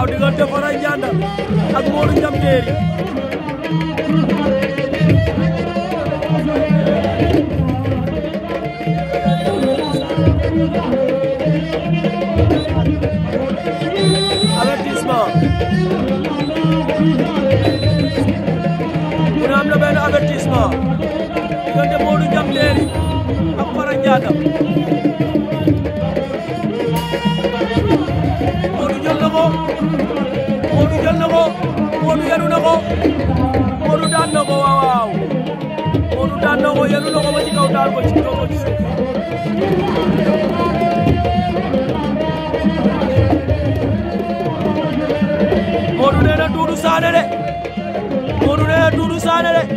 waaw diggante Fara Ndianda ak Modou Ndiam Téeri avertissement mu ne am na benn avertissement diggante Modou Ndiam Téeri ak Fara Ndianda Modou jël na ko Modou jël na ko Modou yenu na ko Modou daan na ko na ko yenu na ko ba na Doudou Sané de Modou nee na Doudou Sané